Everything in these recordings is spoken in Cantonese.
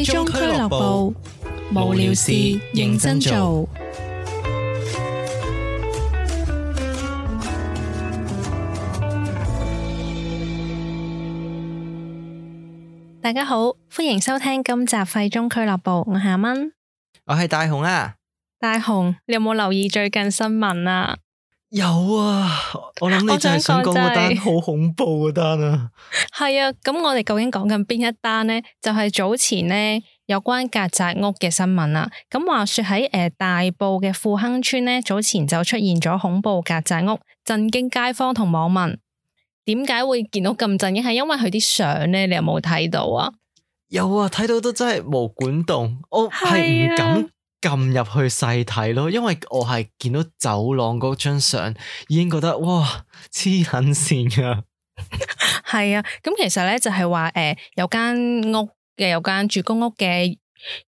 廢中俱樂部，無聊事認真做。大家好，歡迎收聽今集廢中俱樂部。我係阿蚊，我係大雄啊。大雄，你有冇留意最近新聞啊？有啊，我諗呢就係想講嗰單好恐怖嘅單啊。係、就是、啊，咁我哋究竟講緊邊一單咧？就係、是、早前咧有關曱甴屋嘅新聞啊。咁話說喺誒、呃、大埔嘅富亨村咧，早前就出現咗恐怖曱甴屋，震驚街坊同網民。點解會見到咁震驚？係因為佢啲相咧，你有冇睇到啊？有啊，睇到都真係毛管棟，我係唔敢、啊。撳入去細睇咯，因為我係見到走廊嗰張相，已經覺得哇黐撚線！啊！係 啊，咁其實咧就係話誒，有間屋嘅，有間住公屋嘅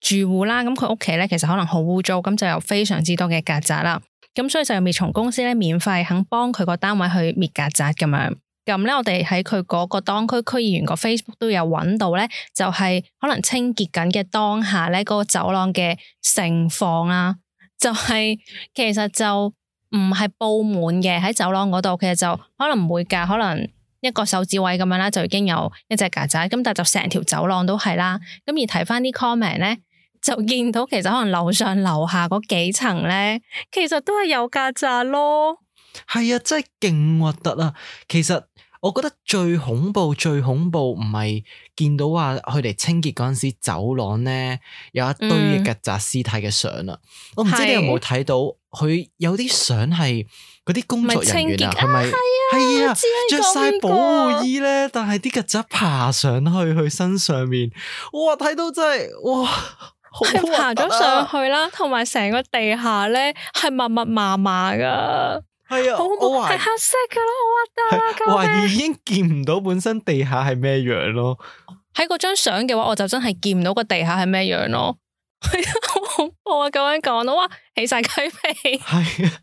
住戶啦，咁佢屋企咧其實可能好污糟，咁就有非常之多嘅曱甴啦，咁所以就滅蟲公司咧免費肯幫佢個單位去滅曱甴咁樣。咁咧，我哋喺佢嗰個當區區議員個 Facebook 都有揾到咧，就係、是、可能清潔緊嘅當下咧，嗰、那個走廊嘅情況啦，就係其實就唔係佈滿嘅喺走廊嗰度，其實就，其實就可能唔會可能一個手指位咁樣啦，就已經有一隻曱甴，咁但係就成條走廊都係啦。咁而睇翻啲 comment 咧，就見到其實可能樓上樓下嗰幾層咧，其實都係有曱甴咯。係啊，真係勁核突啊！其實我覺得最恐怖、最恐怖唔係見到話佢哋清潔嗰陣時走廊咧有一堆嘅曱甴屍體嘅相啊！嗯、我唔知你有冇睇到，佢是有啲相係嗰啲工作人員啊，係咪係啊？着晒、啊啊、知保護衣咧，這個、但係啲曱甴爬上去佢身上面，哇！睇到真係哇，好核突、啊、爬咗上去啦，同埋成個地下咧係密密麻麻噶。係啊，好恐怖，係黑色噶咯，好核突啊！懷疑已經見唔到本身地下係咩樣咯。喺嗰張相嘅話，我就真係見唔到個地下係咩樣咯。係 啊，好恐怖啊！咁樣講，我哇，起晒雞皮。係啊，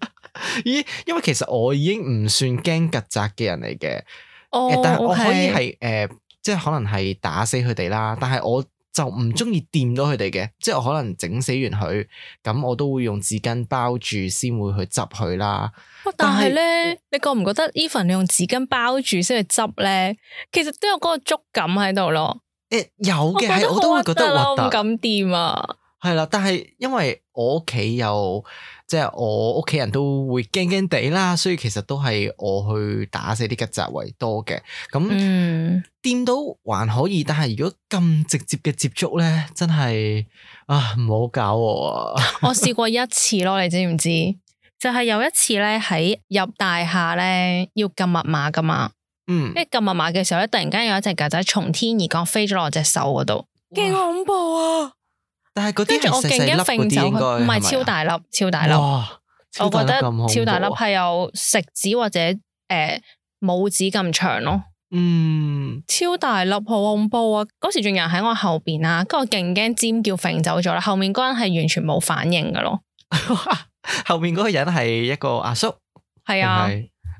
咦？因為其實我已經唔算驚曱甴嘅人嚟嘅，oh, 但係我可以係誒 okay.、呃，即係可能係打死佢哋啦。但係我。就唔中意掂到佢哋嘅，即係我可能整死完佢，咁我都會用紙巾包住先會去執佢啦。但係咧，是你覺唔覺得 even 你用紙巾包住先去執咧，其實都有嗰個觸感喺度咯？誒、欸，有嘅係，我都會覺得核突，唔敢掂啊。係啦，但係因為我屋企有。即係我屋企人都會驚驚地啦，所以其實都係我去打死啲曱甴為多嘅。咁掂、嗯、到還可以，但係如果咁直接嘅接觸咧，真係啊唔好搞我、啊。我試過一次咯， 你知唔知？就係、是、有一次咧，喺入大廈咧要撳密碼噶嘛，嗯，一撳密碼嘅時候咧，突然間有一隻曱甴從天而降飛，飛咗落我隻手嗰度，勁恐怖啊！但係嗰啲係細細粒嗰啲應該唔係超大粒，超大粒。哇！我覺得超大粒係有食指或者誒拇指咁長咯。嗯，超大粒好恐怖啊！嗰時仲有人喺我後邊啊，跟住我勁驚尖叫揈走咗啦。後面嗰人係完全冇反應噶咯。 後面嗰個人係一個阿叔，係啊，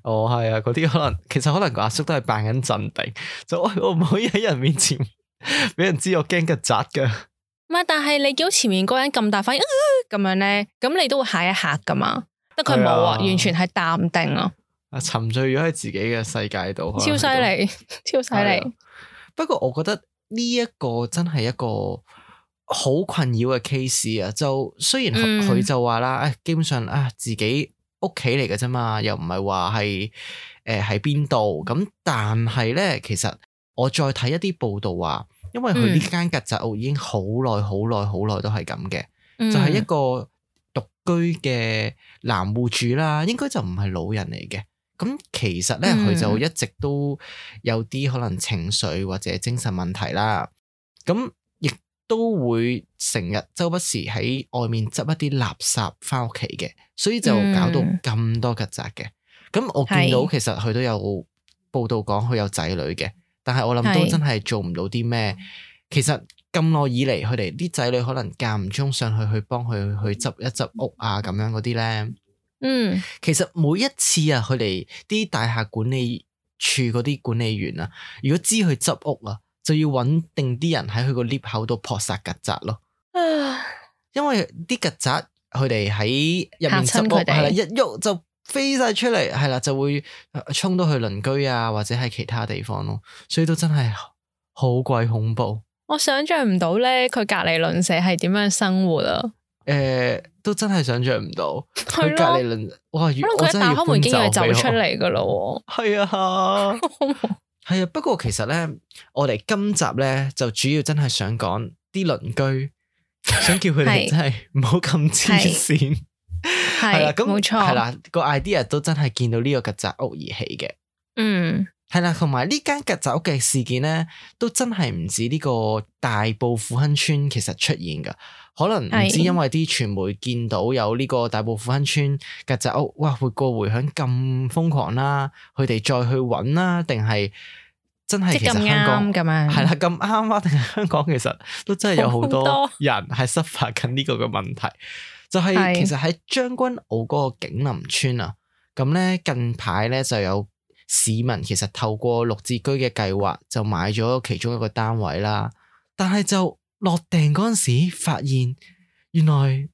哦係啊。嗰啲可能其實可能個阿叔都係扮緊鎮定，就、哎、我唔可以喺人面前俾人知我驚曱甴噶。但係你見到前面嗰人咁大反應咁，啊、樣咧，咁你都會吓一吓噶嘛？但佢冇啊，完全係淡定咯。啊，沉醉咗喺自己嘅世界度，超犀利，超犀利，啊。不過我覺得呢一個真係一個好困擾嘅 case 啊。就雖然佢就話啦，誒、嗯，基本上啊，自己屋企嚟嘅啫嘛，又唔係話係誒喺邊度。咁，呃、但係咧，其實我再睇一啲報道話。因為佢呢間曱甴屋已經好耐好耐好耐都係咁嘅，嗯、就係一個獨居嘅男戶主啦，應該就唔係老人嚟嘅。咁其實咧，佢、嗯、就一直都有啲可能情緒或者精神問題啦。咁亦都會成日周不時喺外面執一啲垃圾翻屋企嘅，所以就搞到咁多曱甴嘅。咁我見到其實佢都有報道講佢有仔女嘅。嗯但係我諗都真係做唔到啲咩，是其實咁耐以嚟，佢哋啲仔女可能間唔中上去幫去幫佢去執一執屋啊，咁樣嗰啲咧，嗯，其實每一次啊，佢哋啲大廈管理處嗰啲管理員啊，如果知佢執屋啊，就要穩定啲人喺佢個 lift 口度撲殺曱甴咯，唉因為啲曱甴佢哋喺入面執屋係啦，一郁就。飛晒出嚟，係啦，就會衝到去鄰居啊，或者係其他地方咯，所以都真係好鬼恐怖。我想象唔到咧，佢隔籬鄰舍係點樣生活啊？誒、欸，都真係想象唔到離鄰。佢隔籬鄰，哇！我以為佢打開門已經，驚佢走出嚟噶啦。係、嗯、啊，係、嗯、啊。不過其實咧，我哋今集咧就主要真係想講啲鄰居，想叫佢哋真係唔好咁黐線。係啦，咁係啦， 那個 idea 都真係見到呢個曱甴屋而起嘅。嗯，係啦，同埋呢間曱甴屋嘅事件咧，都真係唔止呢個大埔富亨村其實出現噶，可能唔知因為啲傳媒見到有呢個大埔富亨村曱甴屋，哇，回過回響咁瘋狂啦，佢哋再去揾啦，定係真係其實香港咁樣，係啦，咁啱啊？定係香港其實都真係有好多人係失 u f 呢個嘅問題。很多 就係其實喺將軍澳嗰個景林邨啊，咁咧近排咧就有市民其實透過綠置居嘅計劃就買咗其中一個單位啦，但係就落訂嗰陣時發現，原來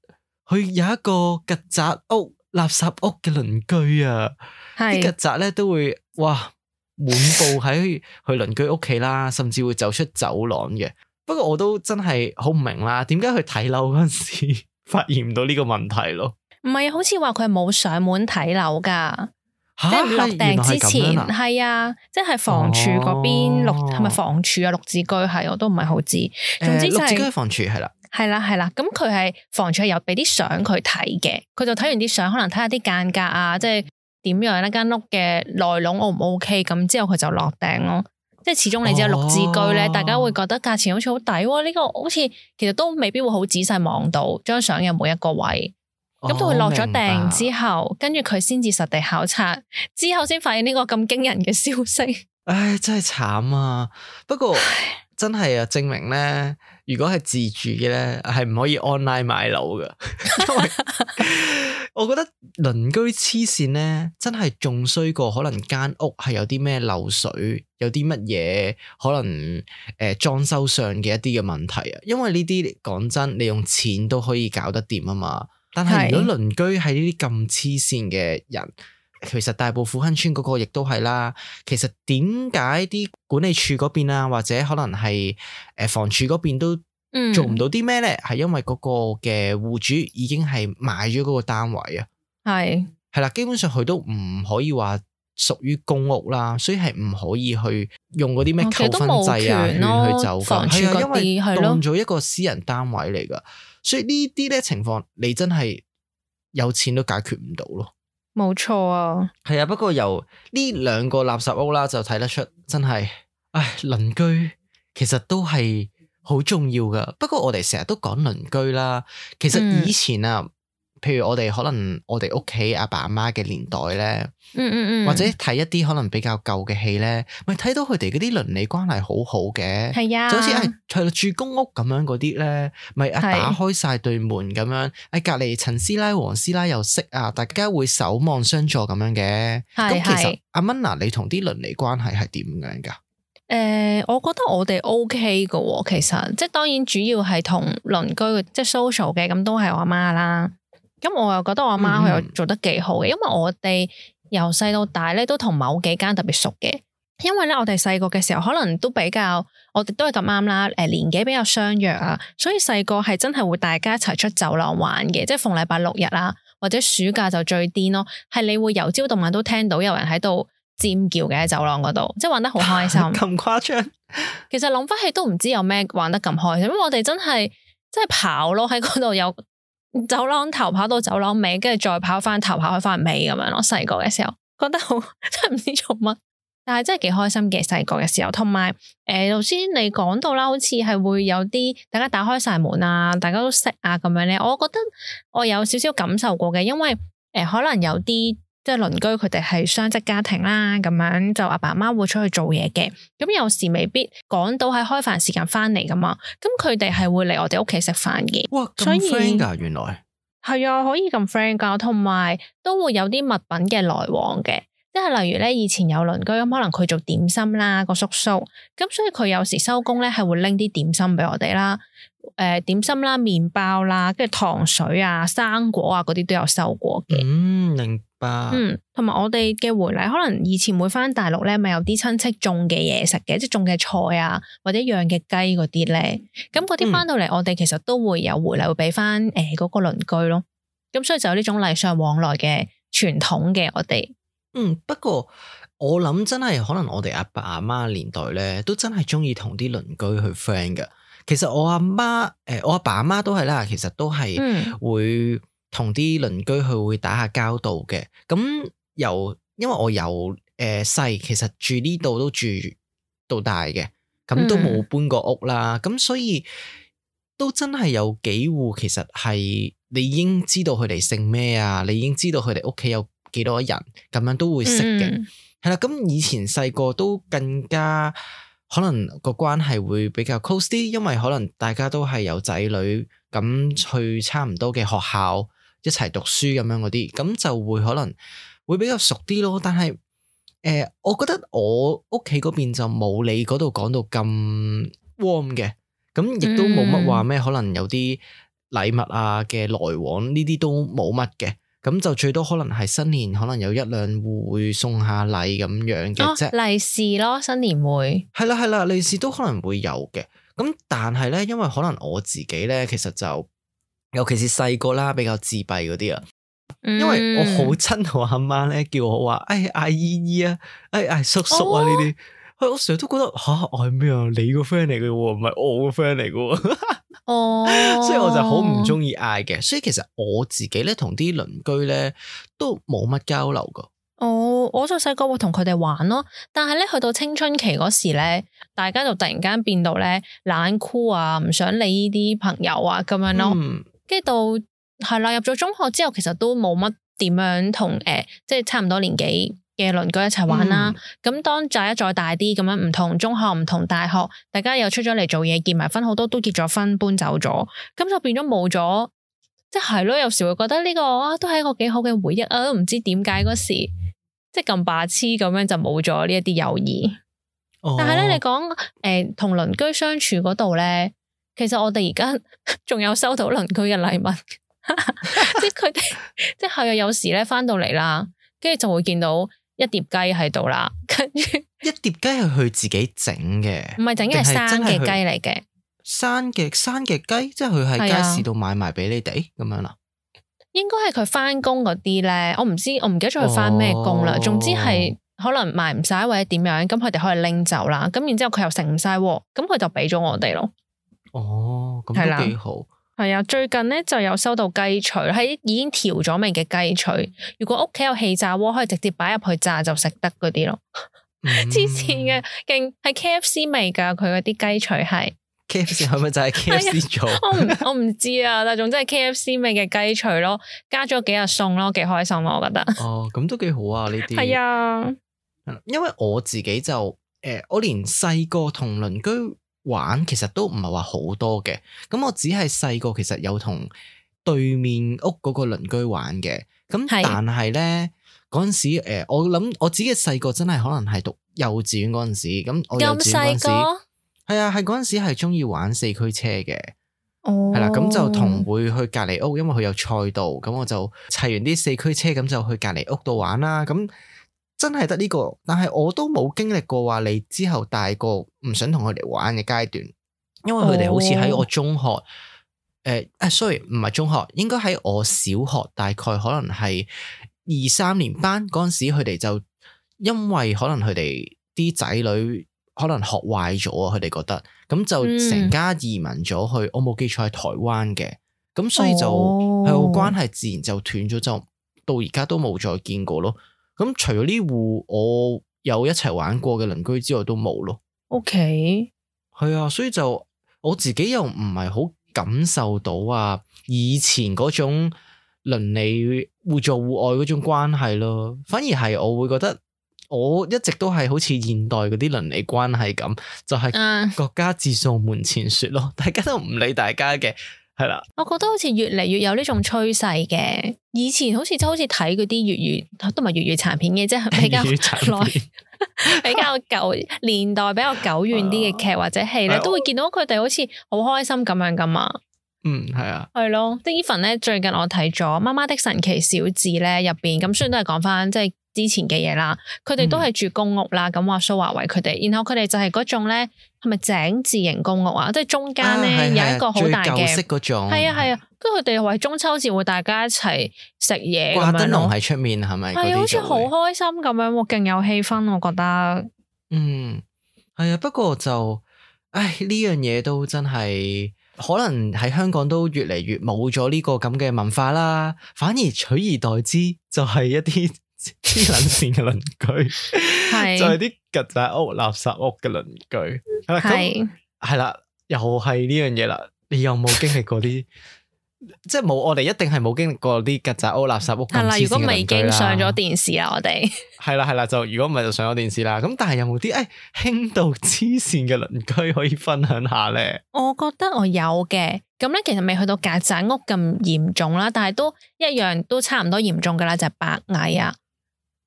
佢有一個曱甴屋垃圾屋嘅鄰居啊，啲曱甴咧都會哇滿布喺佢鄰居屋企啦， 甚至會走出走廊嘅。不過我都真係好唔明啦，點解去睇樓嗰陣時？ 發現唔到呢個問題咯，唔係啊，好似話佢係冇上門睇樓噶，哈即落訂之前，係啊，即係房署嗰邊六係咪房署啊，六字居係、啊，我都唔係好知。總之係、就係呃、房署係啦，係啦係啦，咁佢係房署係有俾啲相佢睇嘅，佢就睇完啲相，可能睇下啲間隔啊，即係點樣一、啊、間屋嘅內籠 O 唔 O K，咁之後佢就落訂咯。即係始終你知啦六字居咧，哦、大家會覺得價錢好似好抵，呢、哦、個好似其實都未必會好仔細望到張相有每一個位，咁到佢落咗訂白之後，跟住佢先至實地考察，之後先發現呢個咁驚人嘅消息。唉、哎，真係慘啊！不過唉真係啊，證明咧。如果係自住嘅咧，係唔可以 online 買樓㗎。 我覺得鄰居黐線咧，真係仲衰過可能間屋係有啲咩漏水，有啲乜嘢可能誒裝修上嘅一啲嘅問題啊。因為呢啲講真，你用錢都可以搞得掂啊嘛。但係如果鄰居係呢啲咁黐線嘅人，其實大埔富亨村嗰個亦都係啦。其實點解啲管理處嗰邊啊，或者可能係誒房署嗰邊都做唔到啲咩咧？係、嗯、因為嗰個嘅戶主已經係買咗嗰個單位啊。係係是啦，基本上佢都唔可以話屬於公屋啦，所以係唔可以去用嗰啲咩扣分制啊，嗯、啊亂去去就房。係啊，因為當咗一個私人單位嚟噶，的所以呢啲咧情況，你真係有錢都解決唔到咯。冇錯啊，係啊，不過由呢兩個垃圾屋啦，就睇得出真係，唉，鄰居其實都係好重要噶。不過我哋成日都講鄰居啦，其實以前啊。嗯譬如我哋可能我哋屋企阿爸阿媽嘅年代咧，嗯嗯嗯，或者睇一啲可能比較舊嘅戲咧，咪睇到佢哋嗰啲鄰里關係好好嘅，係是啊，啊，就好似係住公屋咁樣嗰啲咧，咪打開晒對門咁樣，誒隔籬陳師奶、黃師奶又識啊，大家會守望相助咁樣嘅。咁是是 其實阿 Minna 你同啲鄰里關係係點樣噶？誒、呃，我覺得我哋 O K 噶，其實即係當然主要係同鄰居即係 social 嘅，咁都係我阿媽啦。咁我又覺得我阿媽佢又做得好、嗯、幾好嘅，因為我哋由細到大咧都同某幾間特別熟嘅。因為咧我哋細個嘅時候可能都比較，我哋都係咁啱啦，誒年紀比較相若啊，所以細個係真係會大家一齊出走廊玩嘅，即係逢禮拜六日啦，或者暑假就最癲咯，係你會由朝到晚都聽到有人喺度尖叫嘅喺走廊嗰度，即係玩得好開心咁 誇張。其實諗翻起都唔知有咩玩得咁開心，因為我哋真係即係跑咯喺嗰度有，走廊頭跑到走廊尾，跟住再跑翻頭跑開翻尾咁樣咯。細個嘅時候覺得好真係唔知做乜，但係真係幾開心嘅。細個嘅時候，同埋誒，頭 先、呃、你講到啦，好似係會有啲大家打開晒門啊，大家都識啊咁樣咧。我覺得我有少少感受過嘅，因為誒、呃、可能有啲。即係鄰居佢哋係雙職家庭啦，咁樣就阿爸阿媽會出去做嘢，嘅，咁有時未必趕到喺開飯時間翻嚟噶嘛，咁佢哋係會嚟我哋屋企食飯嘅。哇，咁 friend 噶，原來？係啊，可以咁 friend 噶，同埋都會有啲物品嘅來往嘅，即係例如咧，以前有鄰居咁可能佢做點心啦個叔叔，咁所以佢有時收工咧，係會拎啲點心俾我哋啦。誒，點心啦、麵包啦，跟住糖水啊、生果啊嗰啲都有收過嘅。嗯，明白。嗯，同埋我哋嘅回禮，可能以前會翻大陸咧，咪有啲親戚種嘅嘢食嘅，即係種嘅菜啊，或者養嘅雞嗰啲咧。咁嗰啲翻到嚟，嗯、我哋其實都會有回禮，會俾翻誒嗰個鄰居咯。咁所以就有呢種禮尚往來嘅傳統嘅，我哋。嗯，不過我諗真係可能我哋阿爸阿媽年代咧，都真係中意同啲鄰居去 friend 噶。其實我阿媽誒，我阿爸阿媽都係啦，其實都係會同啲鄰居去會打下交道嘅。咁由因為我由誒細，其實住呢度都住到大嘅，咁都冇搬過屋啦。咁所以都真係有幾戶，其實係你已經知道佢哋姓咩啊？你已經知道佢哋屋企有幾多人，咁樣都會識嘅。係啦。mm hmm. 咁以前細個都更加。可能個關係會比較 close 啲，因為可能大家都係有仔女，咁去差唔多嘅學校一齊讀書咁樣嗰啲，咁就會可能會比較熟啲咯。但係誒、呃，我覺得我屋企嗰邊就冇你嗰度講到咁 warm 嘅，咁亦都冇乜話咩，嗯、可能有啲禮物啊嘅來往，呢啲都冇乜嘅。咁就最多可能係新年，可能有一兩戶會送下禮咁樣嘅啫，利是咯，新年會係啦係啦，利是都可能會有嘅。咁但係咧，因為可能我自己咧，其實就尤其是細個啦，比較自閉嗰啲啊，因為我好親我阿媽咧，叫我話誒阿姨姨啊，誒阿叔叔啊呢啲，我我成日都覺得吓我係咩啊？你個 friend 嚟嘅喎，唔係我個 friend 嚟嘅喎。哦，oh, 所以我就好唔中意嗌嘅，所以其實我自己咧同啲鄰居咧都冇乜交流噶。哦，oh, 我就細個會同佢哋玩咯，但係咧去到青春期嗰時咧，大家就突然間變到咧懶酷啊，唔想理呢啲朋友啊咁樣咯。跟住、mm hmm. 到係啦，入咗中學之後，其實都冇乜點樣同誒，即、呃、係、就是、差唔多年紀。嘅鄰居一齊玩啦，咁當仔再大啲咁樣，唔同中學，唔同大學，大家又出咗嚟做嘢，結埋婚，好多都結咗婚，搬走咗，咁就變咗冇咗，即係咯，有時會覺得呢、呢個啊、哎，都係一個幾好嘅回憶啊，都唔知點解嗰時即係咁白痴咁樣就冇咗呢一啲友誼。哦、但係咧，你講誒同鄰居相處嗰度咧，其實我哋而家仲有收到鄰居嘅禮物，即係佢哋，即係又有時咧返到嚟啦，跟住就會見到。一碟雞喺度啦，跟住一碟雞係佢自己整嘅，唔係整嘅，係生嘅雞嚟嘅，生嘅生嘅雞，即係佢喺街市度買埋俾你哋咁、啊、樣啦。應該係佢翻工嗰啲咧，我唔知，我唔記得咗佢翻咩工啦。哦、總之係可能賣唔晒或者點樣，咁佢哋可以拎走啦。咁然之後佢又食唔晒，咁佢就俾咗我哋咯。哦，咁都幾好。係啊，最近咧就有收到雞腿，喺已經調咗味嘅雞腿。如果屋企有氣炸鍋，可以直接擺入去炸就食得嗰啲咯。之前嘅，勁係 K F C 味噶佢嗰啲雞腿係 K F C，係咪就係 K F C 做？我唔我唔知啊，但係總之係 K F C 味嘅雞腿咯，加咗幾日餸咯，幾開心啊！我覺得哦，咁都幾好啊呢啲。係啊，的因為我自己就誒、呃，我連細個同鄰居。玩其實都唔係話好多嘅，咁我只係細個其實有同對面屋嗰個鄰居玩嘅，咁但係咧嗰陣時誒，我諗我自己細個真係可能係讀幼稚園嗰陣時，咁我幼稚園嗰陣時係啊，係嗰陣時係中意玩四驅車嘅，係啦、哦，咁、啊、就同會去隔籬屋，因為佢有賽道，咁我就砌完啲四驅車，咁就去隔籬屋度玩啦，咁。真係得呢個，但係我都冇經歷過話你之後大個唔想同佢哋玩嘅階段，因為佢哋好似喺我中學，誒、oh. 呃，啊，sorry，唔係中學，應該喺我小學，大概可能係二三年班嗰陣時，佢哋就因為可能佢哋啲仔女可能學壞咗，佢哋覺得，咁就成家移民咗去，mm. 我冇記錯喺台灣嘅，咁所以就係、oh. 關係自然就斷咗，就到而家都冇再見過咯。咁除咗呢戶我有一齊玩過嘅鄰居之外，都冇咯。O K，係啊，所以就我自己又唔係好感受到啊，以前嗰種鄰里互助互愛嗰種關係咯，反而係我會覺得我一直都係好似現代嗰啲鄰里關係咁，就係、是、國家自掃門前雪咯，大家都唔理大家嘅。係啦，我覺得好似越嚟越有呢種趨勢嘅。以前好似即係好似睇嗰啲粵語，都唔係粵語殘片嘅，即係比較耐、比較舊年代、比較久遠啲嘅劇或者戲咧，啊、都會見到佢哋好似好開心咁樣噶嘛。嗯，係啊，係咯。即係呢份咧，最近我睇咗《媽媽的神奇小子》咧入邊，咁雖然都係講翻即係之前嘅嘢啦，佢哋都係住公屋啦，咁、嗯、話蘇華偉佢哋，然後佢哋就係嗰種咧。係咪井字形公屋啊？即係中間咧有一個好大嘅，係啊係啊，跟住佢哋話中秋節會大家一齊食嘢，掛燈籠喺出面係咪？係啊的，好似好開心咁樣喎，勁有氣氛我覺得。嗯，係啊，不過就，唉呢樣嘢都真係，可能喺香港都越嚟越冇咗呢個咁嘅文化啦，反而取而代之就係一啲。 黐捻線嘅鄰居， 就係啲曱甴屋、垃圾屋嘅鄰居係啦，係 啦，又係呢樣嘢啦。你有冇經歷過啲 即係冇？我哋一定係冇經歷過啲曱甴屋、垃圾屋咁黐線嘅鄰居啦。如果未經上咗電視啦，我哋係啦係啦，就 如果唔係就上咗電視啦。咁但係有冇啲誒輕度黐線嘅鄰居可以分享下咧？我覺得我有嘅。咁咧，其實未去到曱甴屋咁嚴重啦，但係都一樣都差唔多嚴重噶啦，就係白蟻啊。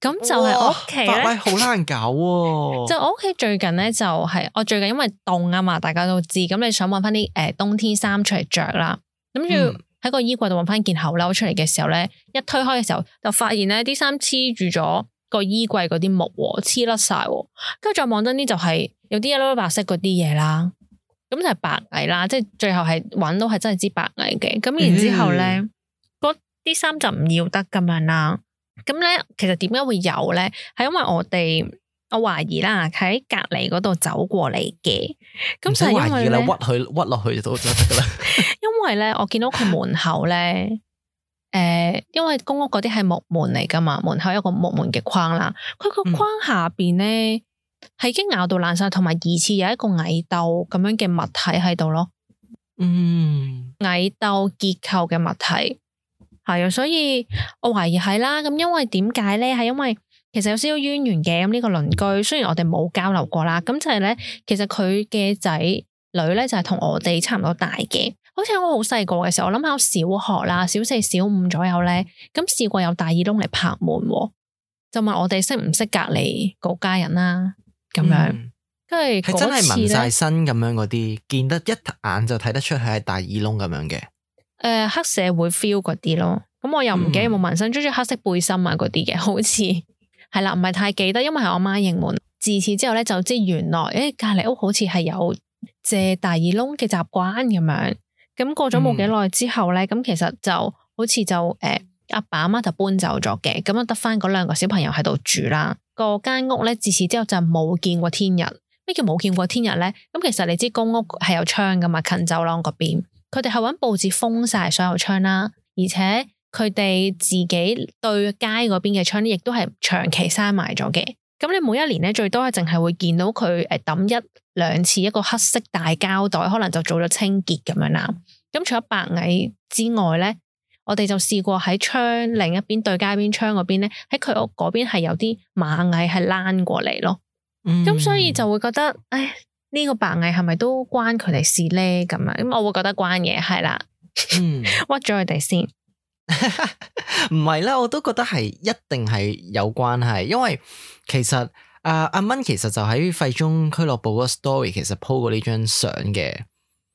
咁就係我屋企咧，白蟻好難搞啊。 就我屋企最近咧、就是，就係我最近因為凍啊嘛，大家都知。咁你想揾翻啲誒冬天衫出嚟着啦。咁要喺個衣櫃度揾翻件厚褸出嚟嘅時候咧，嗯、一推開嘅時候就發現咧啲衫黐住咗個衣櫃嗰啲木，黐甩晒。跟住再望真啲就係、是、有啲一粒粒白色嗰啲嘢啦。咁就係白蟻啦，即係最後係揾到係真係支白蟻嘅。咁然之後咧，嗰啲衫就唔要得咁樣啦。咁咧，其實點解會有咧？係因為我哋，我懷疑啦，喺隔離嗰度走過嚟嘅。咁唔使懷疑啦，屈去屈落去就到就得噶啦。 因為咧，我見到佢門口咧，誒、呃，因為公屋嗰啲係木門嚟噶嘛，門口有個木門嘅框啦，佢個框下邊咧係已經咬到爛晒，同埋疑似有一個蟻竇咁樣嘅物體喺度咯。嗯，蟻竇結構嘅物體。係啊，所以我懷疑係啦。咁因為點解咧？係因為其實有少少淵源嘅。咁、這、呢個鄰居雖然我哋冇交流過啦，咁就係咧，其實佢嘅仔女咧就係同我哋差唔多大嘅。好似我好細個嘅時候，我諗下小學啦，小四、小五左右咧，咁試過有大耳窿嚟拍門，就問我哋識唔識隔籬嗰家人啦、啊，咁樣。跟住佢、嗯、真係紋晒身咁樣嗰啲，見得一眼就睇得出佢係大耳窿咁樣嘅。誒、呃，黑社會 feel 嗰啲咯，咁我又唔記得有冇紋身，着住、嗯、黑色背心啊嗰啲嘅，好似係啦，唔 係、啊、太記得，因為係我媽認門。自此之後咧，就知原來誒隔籬屋好似係有借大耳窿嘅習慣咁樣。咁過咗冇幾耐之後咧，咁、嗯、其實就好似就誒阿、欸、爸阿媽就搬走咗嘅，咁啊得翻嗰兩個小朋友喺度住啦。嗰間屋咧自此之後就冇見過天日。咩叫冇見過天日咧？咁其實你知公屋係有窗噶嘛，近走廊嗰邊。佢哋係搵報紙封晒所有窗啦，而且佢哋自己對街嗰邊嘅窗，亦都係長期閂埋咗嘅。咁你每一年咧，最多係淨係會見到佢誒抌一兩次一個黑色大膠袋，可能就做咗清潔咁樣啦。咁除咗白蟻之外咧，我哋就試過喺窗另一邊對街邊窗嗰邊咧，喺佢屋嗰邊係有啲螞蟻係躝過嚟咯。咁、嗯、所以就會覺得，唉。呢個白蟻係咪都關佢哋事咧？咁啊，咁我會覺得關嘢係啦，屈咗佢哋先。唔係啦，我都覺得係一定係有關係，因為其實誒阿、啊、蚊其實就喺廢中俱樂部嗰個 story，其實 po 過呢張相嘅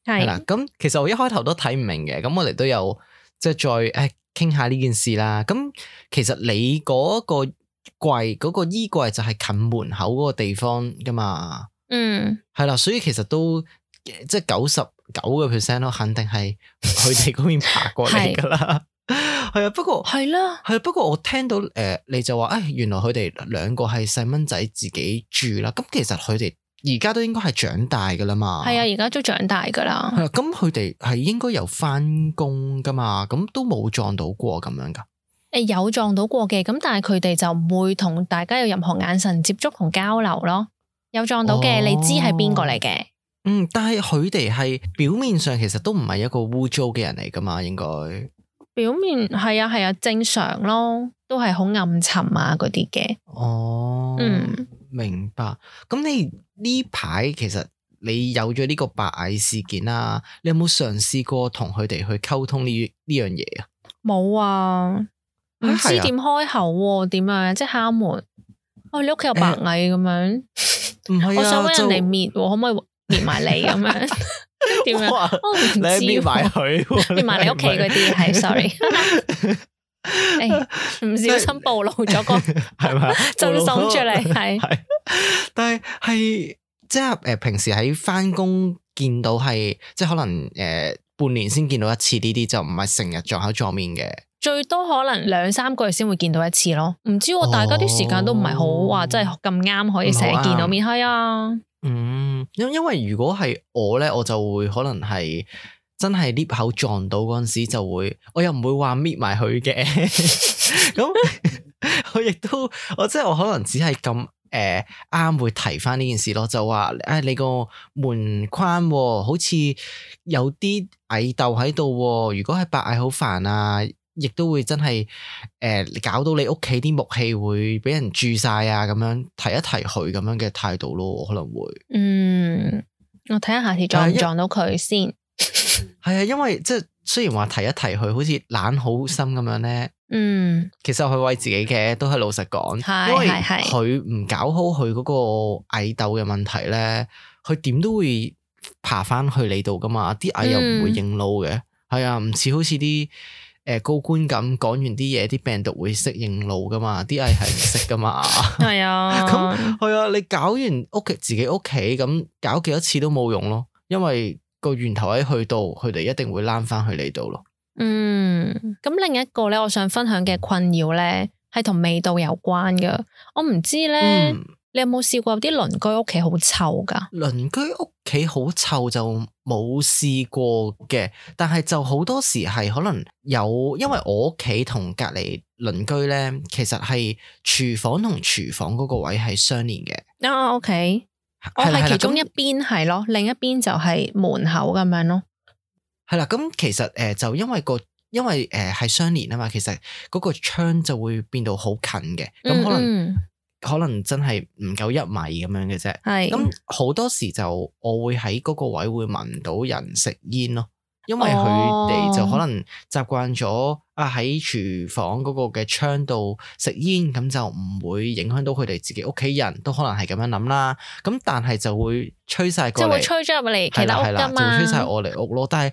係啦。咁其實我一開頭都睇唔明嘅，咁我哋都有即係再誒傾、哎、下呢件事啦。咁其實你嗰個櫃嗰、嗰個衣櫃就係近門口嗰個地方噶嘛。嗯，係啦，所以其實都即係九十九個 percent 咯，肯定係佢哋嗰邊爬過嚟噶啦。係啊， 不過係啦，係啊，不過我聽到誒、呃，你就話誒、哎，原來佢哋兩個係細蚊仔自己住啦。咁其實佢哋而家都應該係長大噶啦嘛。係啊，而家都長大噶啦。係啊，咁佢哋係應該有翻工噶嘛，咁都冇撞到過咁樣噶。誒，有撞到過嘅，咁但係佢哋就唔會同大家有任何眼神接觸同交流咯。有撞到嘅，你知係邊個嚟嘅？嗯，但係佢哋係表面上其實都唔係一個污糟嘅人嚟噶嘛，應該表面係啊係啊，正常咯，都係好暗沉啊嗰啲嘅。哦，嗯，明白。咁你呢排其實你有咗呢個白蟻事件啦，你有冇嘗試過同佢哋去溝通呢呢樣嘢啊？冇啊，唔知點開口點樣啊，即係敲門。哦，你屋企有白蟻咁樣？唔係，我想搵人嚟滅，可唔可以滅埋你咁樣？點樣？你滅埋佢，滅埋你屋企嗰啲。係，sorry。唔小心暴露咗個，係咪 是？就送住你。係 是。 但係係即係誒，平時喺返工見到係，即係可能誒、呃、半年先見到一次呢啲，就唔係成日撞口撞面嘅。最多可能兩三個月先會見到一次咯，唔知我大家啲時間都唔係好話，哦、哇真係咁啱可以成日見到面係啊。嗯，因因為如果係我咧，我就會可能係真係裂口撞到嗰陣時就會，我又唔會話搣埋佢嘅。咁我亦都我即係我可能只係咁誒啱會提翻呢件事咯，就話誒、哎、你個門框好似有啲蟻竇喺度，如果係白蟻好煩啊。亦都會真係誒、呃，搞到你屋企啲木器會俾人住晒啊！咁樣提一提佢咁樣嘅態度咯，可能會。嗯，我睇下下次再唔撞到佢先是。係啊，因為即係雖然話提一提佢，好似懶好心咁樣咧。嗯，其實係為自己嘅，都係老實講，是因為佢唔搞好佢嗰個蟻竇嘅問題咧，佢點都會爬翻去你度噶嘛。啲蟻又唔會認路嘅，係啊、嗯，唔似好似啲。誒高官咁講完啲嘢，啲病毒會適應路噶嘛，啲蟻係唔識噶嘛。係啊，咁係啊，你搞完屋企自己屋企咁搞幾多次都冇用咯，因為個源頭喺去到，佢哋一定會攬翻去你度咯。嗯，咁另一個咧，我想分享嘅困擾咧，係同味道有關噶。我唔知咧。嗯你有冇試過有啲鄰居屋企好臭噶？鄰居屋企好臭就冇試過嘅，但係就好多時係可能有，因為我屋企同隔籬鄰居咧，其實係廚房同廚房嗰個位係相連嘅。啊、oh, okay. 是，屋企，我係其中一邊係咯，嗯、另一邊就係門口咁樣咯。係啦、嗯，咁其實誒，就因為個因為誒係相連啊嘛，其實嗰個窗就會變到好近嘅，咁可能。可能真係唔夠一米咁樣嘅啫，咁好是多時就我會喺嗰個位會聞到人食煙咯，因為佢哋就可能習慣咗啊喺廚房嗰個嘅窗度食煙，咁就唔會影響到佢哋自己屋企人都可能係咁樣諗啦。咁但係就會吹晒個，即係會吹咗入嚟，係啦係啦，會吹晒我嚟屋咯。但係誒、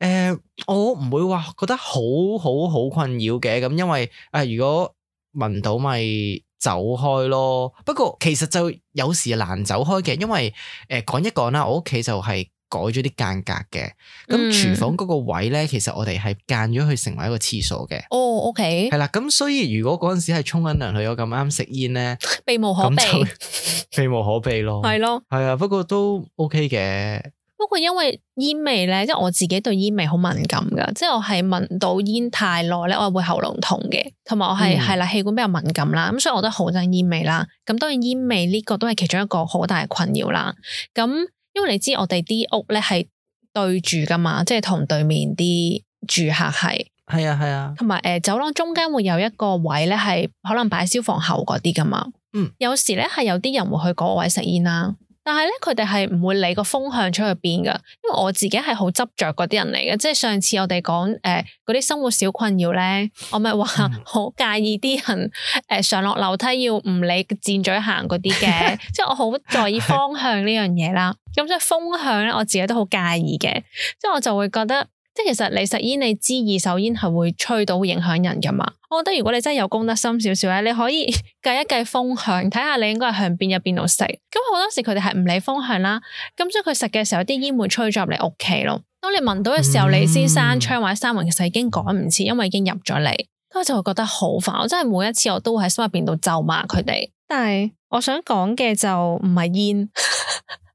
呃，我唔會話覺得好好好困擾嘅，咁因為誒、呃、如果聞到咪。走開咯，不過其實就有時難走開嘅，因為誒、講、呃、一講啦，我屋企就係改咗啲間隔嘅，咁廚、嗯、房嗰個位咧，其實我哋係間咗去成為一個廁所嘅。哦，OK。係啦，咁所以如果嗰陣時係沖緊涼去咗咁啱食煙咧，避無可避，咁就，避無可避咯。係咯 的。係啊，不過都 OK 嘅。不過因為煙味咧，即係我自己對煙味好敏感噶，即係我係聞到煙太耐咧，我係會喉嚨痛嘅，同埋我係係啦，氣、嗯、管比較敏感啦，咁所以我覺得好憎煙味啦。咁當然煙味呢個都係其中一個好大嘅困擾啦。咁因為你知我哋啲屋咧係對住噶嘛，即係同對面啲住客係，係啊係啊。同埋誒，走廊中間會有一個位咧，係可能擺消防喉嗰啲噶嘛。嗯，有時咧係有啲人會去嗰位食煙啦。但係咧，佢哋係唔會理個風向出去變噶，因為我自己係好執着嗰啲人嚟嘅，即係上次我哋講誒嗰啲生活小困擾咧，我咪話好介意啲人誒上落樓梯要唔理箭嘴行嗰啲嘅， 即係我好在意方向呢樣嘢啦。咁 即係風向咧，我自己都好介意嘅，即係我就會覺得。其實你食煙，你知二手煙係會吹到會影響人噶嘛？我覺得如果你真係有公德心少少咧，你可以計一計風向，睇下你應該係向邊入邊度食。咁好多時佢哋係唔理風向啦，咁所以佢食嘅時候，啲煙會吹咗入嚟屋企咯。當你聞到嘅時候，你先閂窗或者閂門，其實已經趕唔切，因為已經入咗嚟。咁我就會覺得好煩。我真係每一次我都喺心入邊度咒罵佢哋。但係我想講嘅就唔係煙。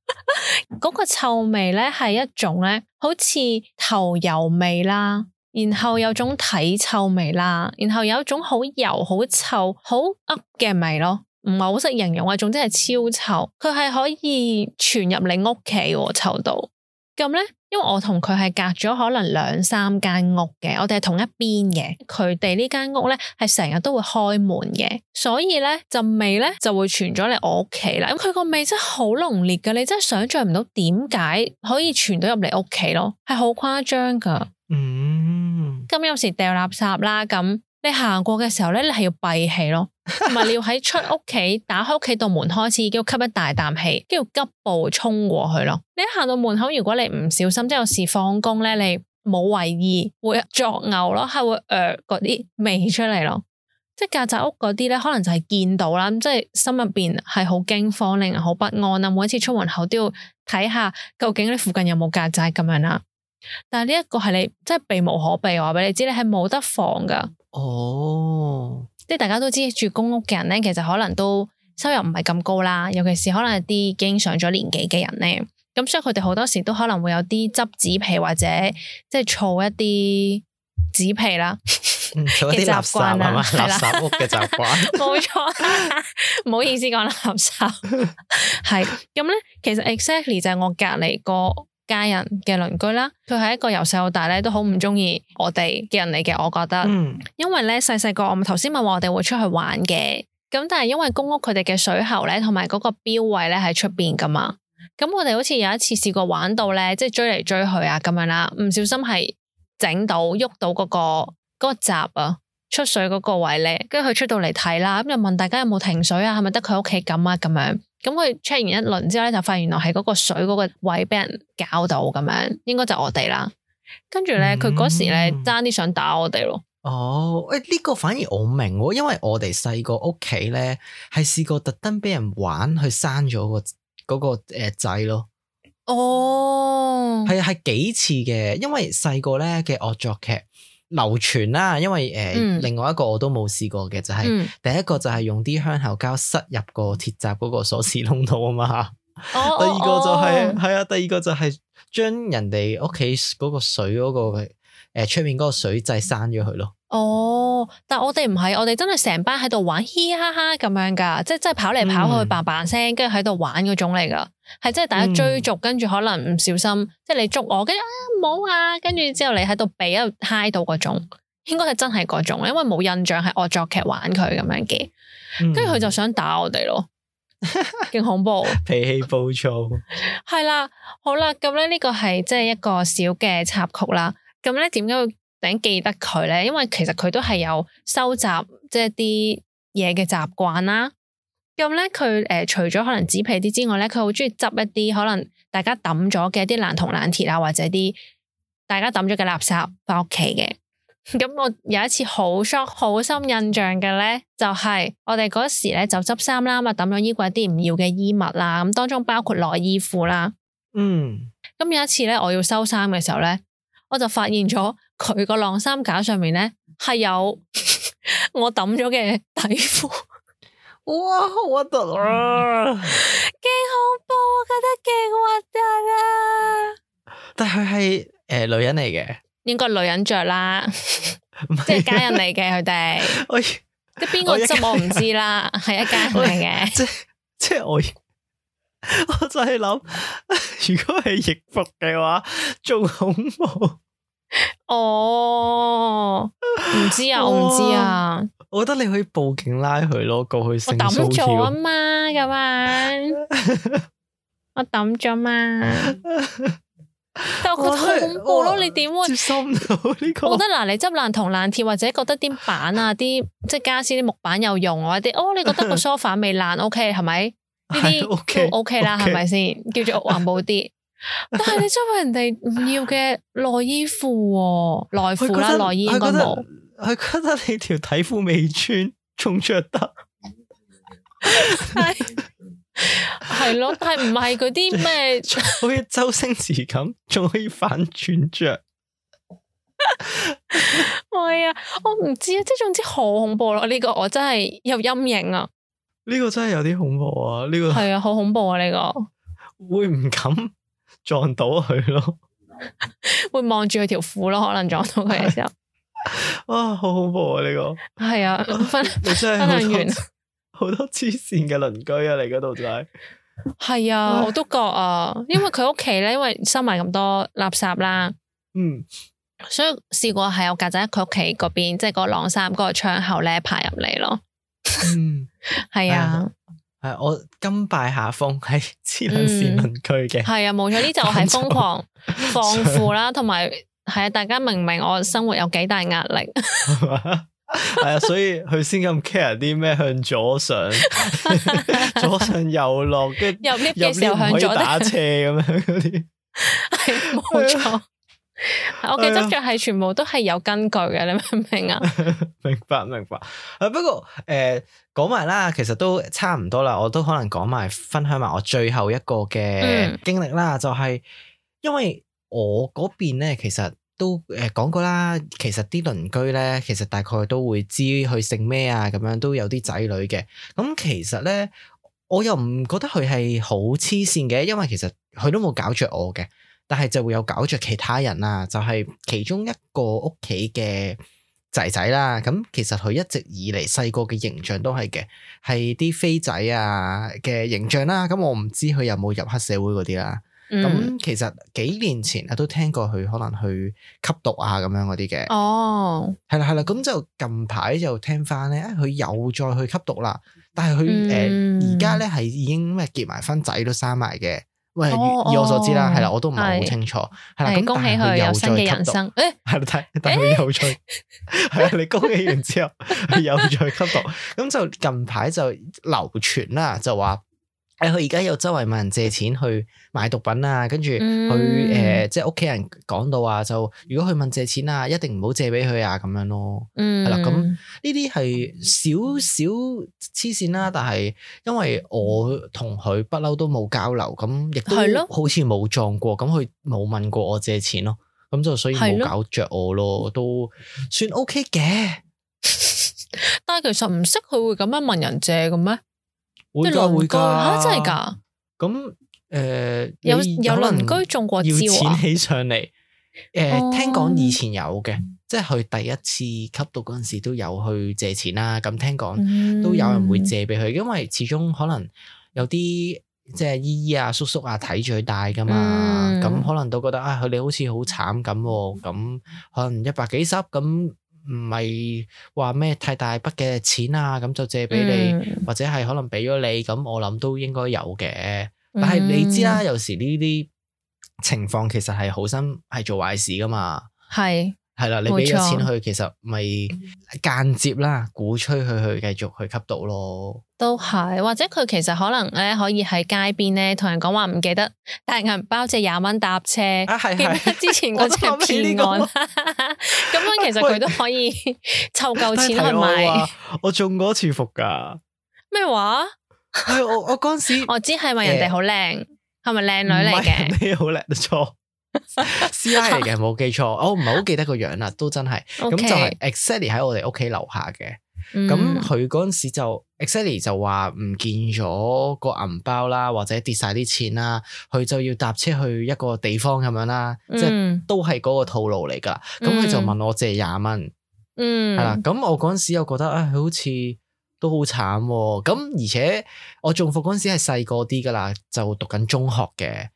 嗰 個臭味咧係一種咧，好似頭油味啦，然後有種體臭味啦，然後有一種好油、好臭、好噏嘅味咯，唔係好識形容啊，總之係超臭，佢係可以傳入你屋企喎，臭度，咁咧。因為我同佢係隔咗可能兩三間屋嘅，我哋係同一邊嘅。佢哋呢間屋咧係成日都會開門嘅，所以咧就味咧就會傳咗嚟我屋企啦。咁佢個味真係好濃烈噶，你真係想象唔到點解可以傳到入嚟屋企咯，係好誇張噶。嗯、mm，咁、hmm. 有時掉垃圾啦，咁你行過嘅時候咧，你係要閉氣咯。同埋你要喺出屋企打開屋企道門開始，要吸一大啖氣，跟住急步衝過去咯。你一行到門口，如果你唔小心，即係有時放工咧，你冇為意會作嘔咯，係會誒嗰啲味出嚟咯。即係曱甴屋嗰啲咧，可能就係見到啦。即係心入邊係好驚慌，令人好不安啊！每一次出門口都要睇下究竟你附近有冇曱甴咁樣啦。但係呢一個係你即係避無可避，我話俾你知，你係冇得防噶。哦。即係大家都知住公屋嘅人咧，其實可能都收入唔係咁高啦，尤其是可能係啲已經上咗年紀嘅人咧，咁所以佢哋好多時都可能會有啲執紙皮或者即係儲一啲紙皮啦，儲 一啲垃圾 垃圾屋嘅習慣，冇錯，唔好意思講垃圾，係咁咧，其實 exactly 就係我隔籬個家人嘅鄰居啦，佢係一個由細到大咧都好唔中意我哋嘅人嚟嘅，我覺得。嗯、因為咧細細個，我咪頭先咪話我哋會出去玩嘅，咁但係因為公屋佢哋嘅水喉咧，同埋嗰個錶位咧喺出邊噶嘛，咁我哋好似有一次試過玩到咧，即係追嚟追去啊咁樣啦，唔小心係整到喐到嗰個嗰個閘啊出水嗰個位咧，跟住佢出到嚟睇啦，咁就問大家有冇停水啊？係咪得佢屋企咁啊？咁樣。咁佢 check 完一輪之後咧，就發現原來係嗰個水嗰個位俾人搞到咁樣，應該就我哋啦。跟住咧，佢嗰時咧爭啲想打我哋咯。哦，誒、欸、呢、這個反而我明，因為我哋細個屋企咧係試過特登俾人玩去刪咗、那個嗰、那個誒掣、呃、咯。哦，係啊，係幾次嘅，因為細個咧嘅惡作劇。流傳啦，因為誒，呃嗯、另外一個我都冇試過嘅就係、是，第一個就係用啲香口膠塞入鐵閘個鐵閘嗰個鎖匙窿度啊嘛 、哦，第二個就係、是，係、哦、啊，第二個就係將人哋屋企嗰個水嗰個。誒，出面嗰個水掣閂咗佢咯。哦，但係我哋唔係，我哋真係成班喺度玩嘻哈哈咁樣噶，即係即係跑嚟跑去嘭嘭聲，跟住喺度玩嗰種嚟噶，係真係大家追逐，嗯、跟住可能唔小心，即係你捉我，跟住啊冇啊，跟住之後你喺度避喺度嗨到嗰種，應該係真係嗰種，因為冇印象係惡作劇玩佢咁樣嘅，跟住佢就想打我哋咯，勁、嗯、恐怖，脾氣暴躁，係啦， 好啦，咁咧呢個係即係一個小嘅插曲啦。咁咧，點解會頂記得佢咧？因為其實佢都係有收集即係啲嘢嘅習慣啦。咁、嗯、咧，佢、嗯、誒、呃、除咗可能紙皮啲之外咧，佢好中意執一啲可能大家抌咗嘅啲爛銅爛鐵啊，或者啲大家抌咗嘅垃圾翻屋企嘅。咁、嗯嗯、我有一次好 shock 好深印象嘅咧，就係、是、我哋嗰時咧就執衫啦，咪抌咗衣櫃啲唔要嘅衣物啦。咁當中包括內衣褲啦。嗯。咁有一次咧，我要收衫嘅時候咧。我就發現咗佢個晾衫架上面咧係有 我抌咗嘅底褲， 哇，好核突啊！幾 恐怖，我覺得勁核突啊！但係佢係誒女人嚟嘅，應該女人着啦， 即係家人嚟嘅佢哋。 我即係邊個我唔知啦，係一家人嚟嘅。即係即係我，我就係諗，如果係易服嘅話，仲恐怖。 哦，唔、oh，知啊，我唔、oh，知啊。我覺得你可以報警拉佢咯，過去我騷咗啊嘛，咁啊， 我抌咗嘛。 但係我覺得好恐怖咯，你點會接受唔到呢個？我覺得嗱，你執爛同爛鐵，或者覺得啲板啊，啲即係家私啲木板有用，或者哦，你覺得個 sofa 未爛，OK 係咪？呢啲都 OK 啦，係咪先？叫做環保啲。但係你着埋人哋唔要嘅內衣褲、啊、內褲啦、內衣應該冇，佢覺，覺得你條底褲未穿，仲着得係係咯，但係唔係嗰啲咩，好 似 周星馳咁，仲可以反轉穿着係啊！我唔知啊，即係總之好恐怖咯。呢、這個我真係有陰影啊！呢個真係有啲恐怖啊！呢個係啊，好恐怖啊！呢個會唔敢撞到佢咯， 會望住佢條褲咯，可能撞到佢嘅時候， 啊，好恐怖啊！呢個係啊，分分鐘好多黐線嘅鄰居啊，你嗰度就係係啊，我都覺啊，因為佢屋企咧，因為收埋咁多垃圾啦， 嗯，所以試過係我隔籬，喺佢屋企嗰邊即係個晾衫個窗口咧，爬入嚟咯，嗯，係啊。係、嗯、我甘拜下風，係癡人說夢區嘅。係啊，冇錯，呢就係瘋狂放負啦，同埋係啊，大家明唔明我生活有幾大壓力？係 啊，所以佢先咁 care 啲咩向左上， 左上右落，跟住，又 lift 嘅時候向左打斜咁樣嗰啲，係冇錯。 我嘅執着係全部都係有根據嘅，你明唔明啊？ 明白，明白。啊、不過誒，講、呃、埋啦，其實都差唔多啦。我都可能講埋，分享埋我最後一個嘅經歷啦。嗯、就係因為我嗰邊咧，其實都誒講、呃、過啦。其實啲鄰居咧，其實大概都會知佢姓咩啊，咁樣都有啲仔女嘅。咁其實咧，我又唔覺得佢係好黐綫嘅，因為其實佢都冇搞着我嘅。但係就會有搞着其他人啦，就係、是、其中一個屋企嘅仔仔啦。咁其實佢一直以嚟細個嘅形象都係嘅，係啲飛仔啊嘅形象啦。咁我唔知佢有冇入黑社會嗰啲啦。咁其實幾年前啊都聽過佢可能去吸毒啊咁樣嗰啲嘅。哦，係啦係啦。咁就近排就聽翻咧，佢又再去吸毒啦。但係佢誒而家咧係已經咩結埋婚仔都生埋嘅。喂，哦、以我所知啦，係啦、哦，我都唔係好清楚，係啦的。咁的恭喜佢有新嘅人生誒，係、欸、咯，睇，等佢又再，係啊、欸， 你恭喜完之後，佢又 再吸毒，咁就近排就流傳啦，就話。誒，佢而家又周圍問人借錢去買毒品啊，跟住佢誒，即係屋企人講到啊，就如果佢問借錢啊，一定唔好借俾佢啊，咁樣咯。係啦、嗯，咁呢啲係少少黐線啦，但係因為我同佢不嬲都冇交流，咁亦都好似冇撞過，咁佢冇問過我借錢咯，咁就所以冇搞着我咯，都算 OK 嘅。 但係其實唔識佢會咁樣問人借嘅咩？啲鄰居嚇真係㗎，咁誒有有鄰居中過，要錢起上嚟。誒、呃，聽講以前有嘅，嗯、即係佢第一次吸毒嗰陣時都有去借錢啦。咁聽講都有人會借俾佢，嗯、因為始終可能有啲即係姨姨啊、叔叔啊睇住佢大噶嘛，咁、嗯嗯、可能都覺得啊，佢、哎、哋好似好慘咁，咁可能一百幾十咁。唔係話咩太大筆嘅錢啊，咁就借畀你，嗯、或者係可能畀咗你，咁我諗都應該有嘅。但係你知啦，嗯、有時呢啲情況其實係好心，係做壞事噶嘛。係。係啦，你俾咗錢佢，其實咪間接啦，鼓吹佢去繼續去吸毒咯。都係，或者佢其實可能咧，可以喺街邊咧，同人講話唔記得帶銀包，借廿蚊搭車。啊，係係。之前嗰次騙案，咁樣喂 其實佢都可以湊夠喂 錢去買我，啊。我中過一次伏噶。咩話？我我嗰陣時，我，我，時 我知係話人哋好靚，係咪靚女嚟嘅？你好叻，唔錯。錯 C.I. 嚟嘅冇記錯，我唔係好記得個樣啦，都真係咁 Okay. 就係 Xenny 喺我哋屋企樓下嘅，咁佢嗰陣時就 Xenny 就話唔見咗個銀包啦，或者跌晒啲錢啦，佢就要搭車去一個地方咁樣啦，即、就、係、是、都係嗰個套路嚟噶，咁佢、嗯、就問我借廿蚊，嗯，係啦，咁我嗰陣時又覺得、哎、啊，佢好似都好慘，咁而且我中伏嗰陣時係細個啲噶啦，就讀緊中學嘅。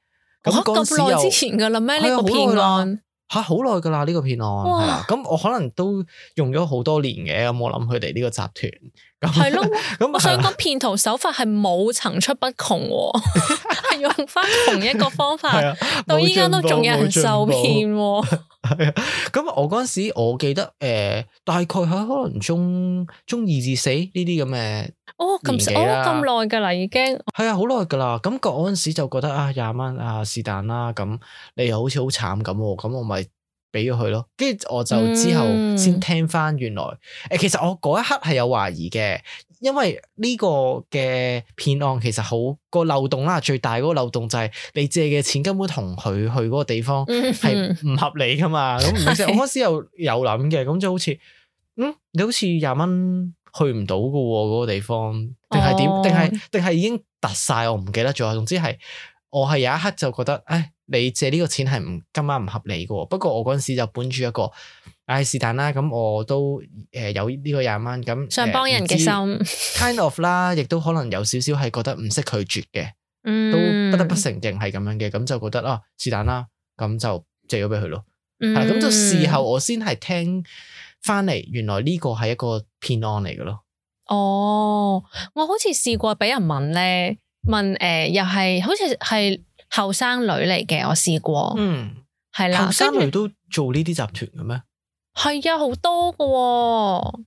咁耐、嗯、之前噶啦咩？呢個騙案嚇好耐噶啦呢個騙案，係啦，咁我可能都用咗好多年嘅。咁我諗佢哋呢個集團。係咯，咁我想講，騙徒手法係冇層出不窮，係 用翻同一個方法， 啊、到依家都仲有人受騙。係 啊，咁我嗰陣時我記得誒、呃，大概喺可能中中二至四呢啲咁嘅哦，咁幾啊，咁耐噶啦已經。係 啊，好耐噶啦，感覺我嗰陣時就覺得啊，廿蚊啊是但啦，咁你又好似好慘咁，咁我咪。俾咗佢咯，跟住我就之後先聽翻原來，誒、嗯、其實我嗰一刻係有懷疑嘅，因為呢個嘅騙案其實好，個漏洞啦、啊，最大嗰個漏洞就係你借嘅錢根本同佢去嗰個地方係唔合理噶嘛，咁其，嗯嗯、我嗰時有有諗嘅，咁是就好似嗯你好似廿蚊去唔到噶喎嗰個地方，定係點？定係定係已經突晒？我唔記得咗，總之係。我係有一刻就覺得，誒、哎，你借呢個錢係唔今晚唔合理嘅。不過我嗰陣時就本住一個，唉、哎，是但啦。咁我都誒、呃、有呢個廿蚊。咁、呃、想幫人嘅心 ，kind of 啦，亦都可能有少少係覺得唔識拒絕嘅，嗯、都不得不承認係咁樣嘅。咁就覺得啊，是但啦，咁就借咗俾佢咯。係，咁就事後我先係聽翻嚟，原來呢個係一個騙案嚟嘅咯。哦，我好似試過俾人問咧。問誒、呃，又係好似係後生女嚟嘅，我試過，嗯，係啦，後生女都做呢啲集團嘅咩？係啊，好多㗎，哦，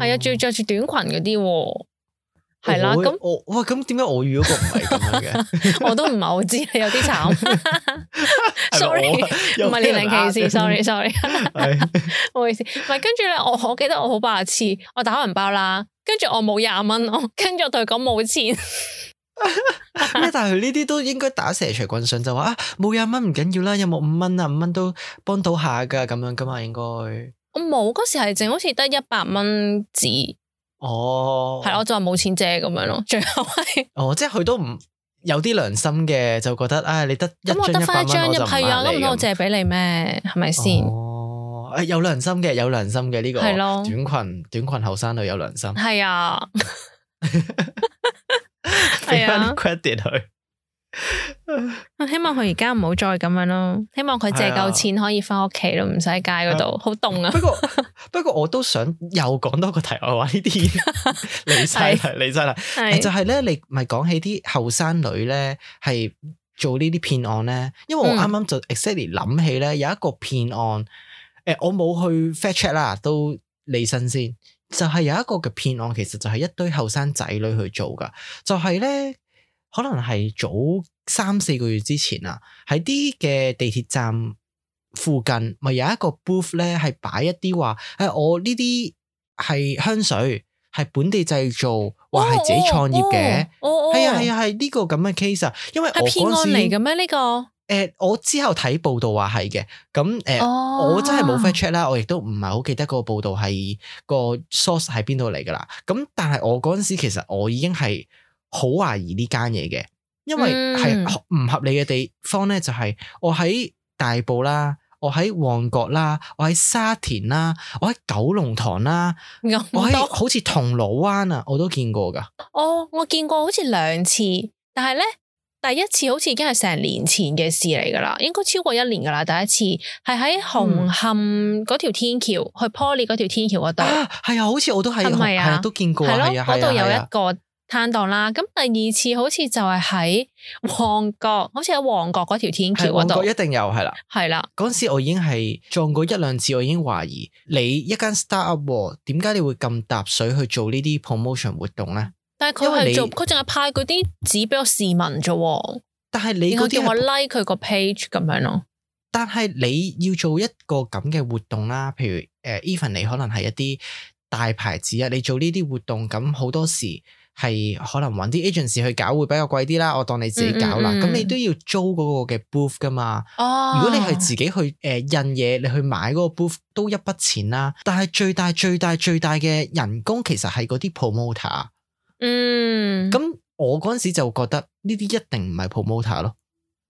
係、嗯、啊，仲要着住短裙嗰啲、哦，係啦、呃，咁我哇，咁點解我遇嗰個唔係咁樣嘅？ 我都唔係好知，你有啲慘，sorry，唔係年齡歧視，sorry，sorry，唔好意思。咪跟住咧，我我記得我好霸次，我打開銀包啦，跟住我冇廿蚊，我跟住佢講冇錢。咩？但係呢啲都應該打蛇隨棍上，就話啊，冇廿蚊唔緊要啦，有冇五蚊啊？五蚊都幫到下噶，咁樣噶嘛，應該、哦。我冇嗰時係淨好似得一百蚊紙。哦，係咯，就話冇錢借咁樣咯，最後係。哦，即係佢都唔有啲良心嘅，就覺得啊、哎，你得咁我得翻一張又係啊，咁我的的借俾你咩？係咪先？哦、哎，有良心嘅，有良心嘅呢、這個係咯的，短裙短裙，後生女有良心。係啊。借翻 credit 佢，哎，希望佢而家唔好再咁樣咯。希望佢借夠錢可以翻屋企咯，唔使，哎，街嗰度好凍啊。不過不過我都想又講多個題外話呢啲，離晒啦，離晒啦。就係，是，咧，你咪講起啲後生女咧，係做呢啲騙案咧。因為我啱啱就 exactly 諗起咧，有一個騙案，誒，嗯，我冇去 fetch 啦，都離身先。就係有一個嘅騙案，其實就係一堆後生仔女去做噶。就係、是、咧，可能係早三四個月之前啊，喺啲嘅地鐵站附近，咪有一個 booth 咧，係擺一啲話誒，我呢啲係香水，係本地製造，話係自己創業嘅。係啊係啊係呢個咁嘅 case 啊，啊這這 case，因為係騙案嚟嘅咩呢個？誒、呃，我之後睇報道話係嘅，咁、呃、誒，哦、我真係冇 fact check 啦，我亦都唔係好記得嗰個報道係、個 source 喺邊度嚟噶啦。咁但係我嗰陣時其實我已經係好懷疑呢間嘢嘅，因為係唔合理嘅地方咧，就係、是、我喺大埔啦，我喺旺角啦，我喺沙田啦，我喺九龍塘啦，得我喺好似銅鑼灣啊，我都見過㗎。哦，我見過好似兩次，但係咧。第一次好似已經係成年前嘅事嚟噶啦，應該超過一年噶啦。第一次係喺紅磡嗰條天橋，嗯、去 Poly 嗰條天橋嗰度。係啊，啊，好似我都係，係啊、嗯，都見過。係咯，嗰度有一個攤檔啦。咁、啊啊、第二次好似就係喺旺角，好似喺旺角嗰條天橋嗰度。旺角一定有，係啦、啊，係啦、啊。嗰時我已經係撞過一兩次，我已經懷疑你一間 Star Up 點解你會咁搭水去做呢啲 promotion 活動咧？但係佢係做，佢淨係派嗰啲紙俾我市民啫。但係你我叫我 like 佢個 page 咁樣咯。但係你要做一個咁嘅活動啦，譬如誒，even、呃、你可能係一啲大牌子啊，你做呢啲活動，咁好多時係可能搵啲 agents 去搞會比較貴啲啦。我當你自己搞啦，咁、嗯嗯嗯、你都要租嗰個嘅 booth 噶嘛。哦，如果你係自己去誒、呃、印嘢，你去買嗰個 booth 都一筆錢啦。但係最大最大最大嘅人工其實係嗰啲 promoter。嗯，咁我嗰陣時就覺得呢啲一定唔係 promoter 咯，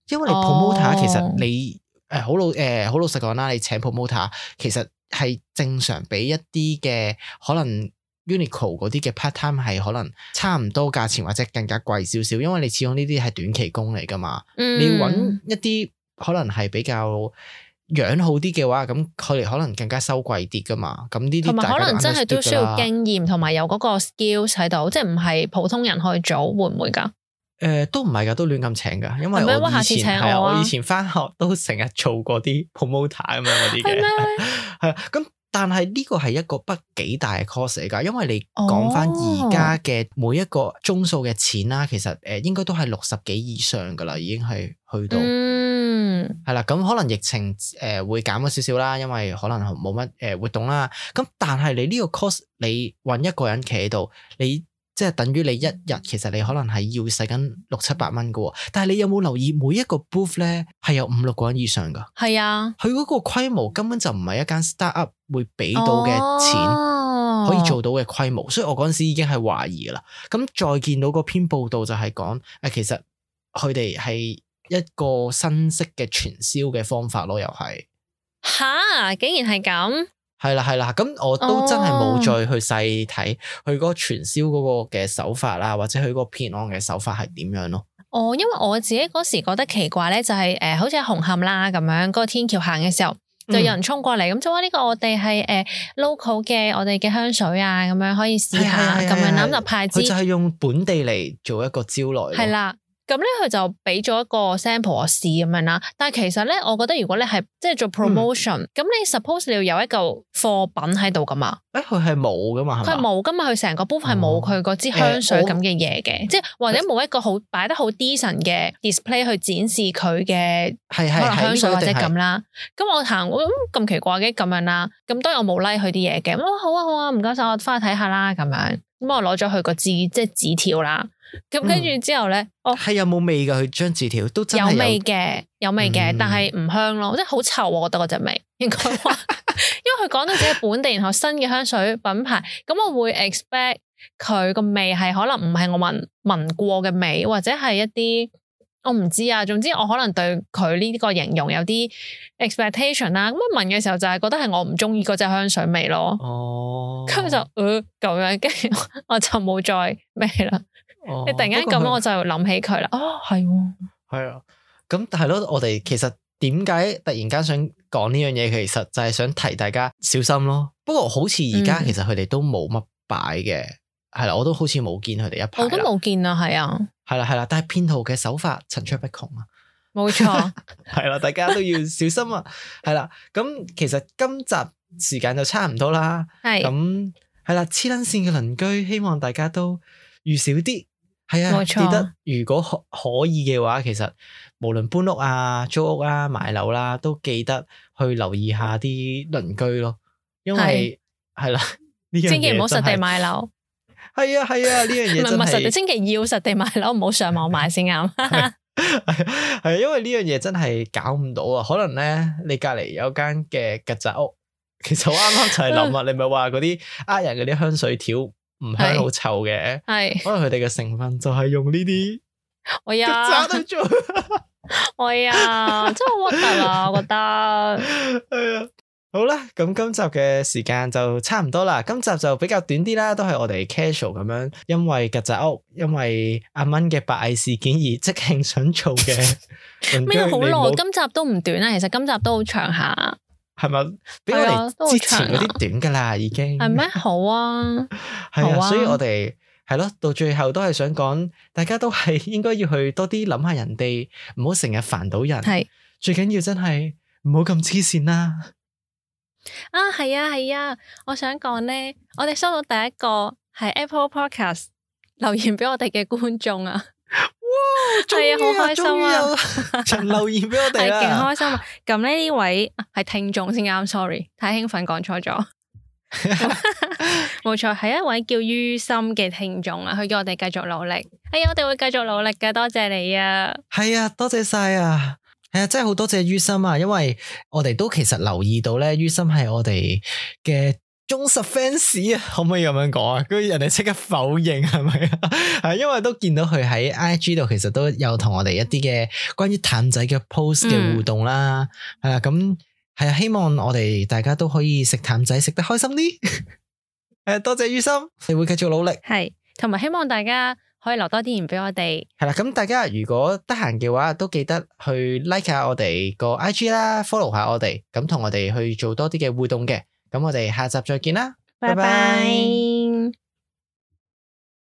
因為你 promoter 其實你誒好、哦呃、老誒好、呃、老實講啦，你請 promoter 其實係正常畀一啲嘅可能 Uniqlo 嗰啲嘅 part time 係可能差唔多價錢或者更加貴少少，因為你始終呢啲係短期工嚟噶嘛，嗯、你要揾一啲可能係比較。養好啲嘅話，咁佢哋可能更加收貴啲噶嘛。咁呢啲同埋可能真係都需要經驗，同埋有嗰個 skills 喺度，即係唔係普通人去做會唔會㗎？誒、呃，都唔係㗎，都亂咁請㗎。因為我以前係啊，我以前返學都成日做過啲 promoter 咁樣嗰啲嘅。係啊嗎。咁 但係呢個係一個不幾大嘅 cost 嚟㗎，因為你講返而家嘅每一個鐘數嘅錢啦，哦、其實誒應該都係六十幾以上㗎啦，已經係去到。嗯。係啦，咁可能疫情誒、呃、會減咗少少啦，因為可能冇乜誒活動啦。咁但係你呢個 cost，你揾一個人企喺度，你即係等於你一日其實你可能係要使緊六七百蚊㗎喎。但係你有冇留意每一個 booth 咧係有五六個人以上噶？係啊，佢嗰個規模根本就唔係一間 start up 會俾到嘅錢可以做到嘅規模。哦、所以我嗰陣時已經係懷疑啦。咁再見到嗰篇報道就係講誒，其實佢哋係。一個新式嘅傳銷嘅方法咯，又係嚇，竟然 وا, 係咁，係啦係啦，咁我都真係冇再去細睇佢嗰個傳銷嗰個嘅手法啦、啊，或者佢嗰個騙案嘅手法係點樣咯。哦，因為我自己嗰時覺得奇怪咧，就係誒，好似喺紅磡啦咁樣，嗰個天橋行嘅時候就有人衝過嚟，咁就話呢個我哋係誒 local 嘅我哋嘅香水啊，咁樣可以試下咁樣諗就派紙，就係用本地嚟做一個招來，係啦。咁咧，佢就俾咗一個 sample 試咁樣啦。但係其實咧，我覺得如果你係即係做 promotion，咁、嗯、你 suppose 你要有一嚿貨品喺度噶嘛？誒，佢係冇噶嘛？佢係冇噶嘛？佢成個 buffer 係冇佢嗰支香水咁嘅嘢嘅，即係、欸、或者冇一個好擺得好 decent 嘅 display 去展示佢嘅，可能香水或者咁啦。咁我行，咁、嗯、奇怪嘅咁樣啦。咁當然我冇 like 佢啲嘢嘅，好啊好啊，唔該晒，我翻去睇下啦咁樣。咁我攞咗佢個字，即係紙條啦。咁跟住之後咧，係、嗯、我有冇味噶？佢張字條都有味嘅，有味嘅，嗯、但係唔香咯，即係好臭。我覺得嗰隻味， 應該因為佢講到自己本地，然後新嘅香水品牌，咁我會 expect 佢個味係可能唔係我聞聞過嘅味，或者係一啲我唔知啊。總之，我可能對佢呢個形容有啲 expectation 啦、啊。咁啊聞嘅時候就係覺得係我唔中意嗰隻香水味咯。哦，咁就嗯咁、呃、樣，跟住我就冇再咩啦。你突然間咁，我就諗起佢啦。哦，係喎，係啊，咁係咯。我哋其實點解突然間想講呢樣嘢？其實就係想提大家小心咯。不過好似而家其實佢哋都冇乜擺嘅，係啦、啊，我都好似冇見佢哋一排。我都冇見啊，係啊，係啦係啦。但係騙徒嘅手法層出不窮啊，冇錯，係啦，大家都要小心啊。係啦、 啊，咁、啊、其實今集時間就差唔多啦。係咁係啦，黐撚線嘅鄰居，希望大家都遇少啲。係啊，冇錯，記得如果可可以嘅話，其實無論搬屋啊、租屋啦、買樓啦，都記得去留意下啲鄰居咯。因為係啦，千祈唔好實地買樓。係啊係啊，呢樣嘢唔係唔係，實地千祈要實地買樓，唔好上網買先啱。係因為呢樣嘢真係搞唔到啊！可能咧，你隔籬有間嘅曱甴屋，其實我啱啱就係諗啊，你咪話嗰啲呃人嗰啲香水條。唔香，好是臭嘅，係是可能佢哋嘅成分就係用呢啲，我、哎、呀，我去做、 哎、呀，真係好核突啊， 我覺得係啊、哎，好啦，咁今集嘅時間就差唔多啦，今集就比較短啲啦，都係我哋 casual 咁樣因，因為曱甴屋，因為阿蚊嘅白蟻事件而即興想做嘅咩好耐，別今集都唔短啊，其實今集都好長下。係咪？比我哋之前嗰啲短噶啦，已經。係咩？好啊，係啊， 啊，所以我哋係咯，到最後都係想講，大家都係應該要去多啲諗下人哋，唔好成日煩到人。係，最緊要真，真係唔好咁黐線啦。啊，係啊，係啊，啊，我想講咧，我哋收到第一個係 Apple Podcast 留言俾我哋嘅觀眾啊。哇！係啊，好開心啊！陳 留言俾我哋啦， 係，開心啊！咁咧呢位係聽眾先啊，I'm sorry，太興奮講錯咗，冇 錯， 係一位叫于心嘅聽眾啊，佢叫我哋繼續努力。哎呀，我哋會繼續努力嘅，多謝你啊！係啊，多謝晒啊！係啊，真係好多謝于心啊，因為我哋都其實留意到咧，于心係我哋嘅。忠實 fans 啊，可唔可以咁樣講啊？居然人哋即刻否認，係咪啊？係因為都見到佢喺 IG 度，其實都有同我哋一啲嘅關於淡仔嘅 post 嘅互動啦。係啦，咁係啊，希望我哋大家都可以食淡仔食得開心啲。誒，多謝于心，你會繼續努力。係，同埋希望大家可以留多啲言俾我哋。係啦，咁大家如果得閒嘅話，都記得去 like 下我哋個 IG 啦，follow 下我哋，咁同我哋去做多啲嘅互動嘅。咁我哋下集再見啦，拜拜。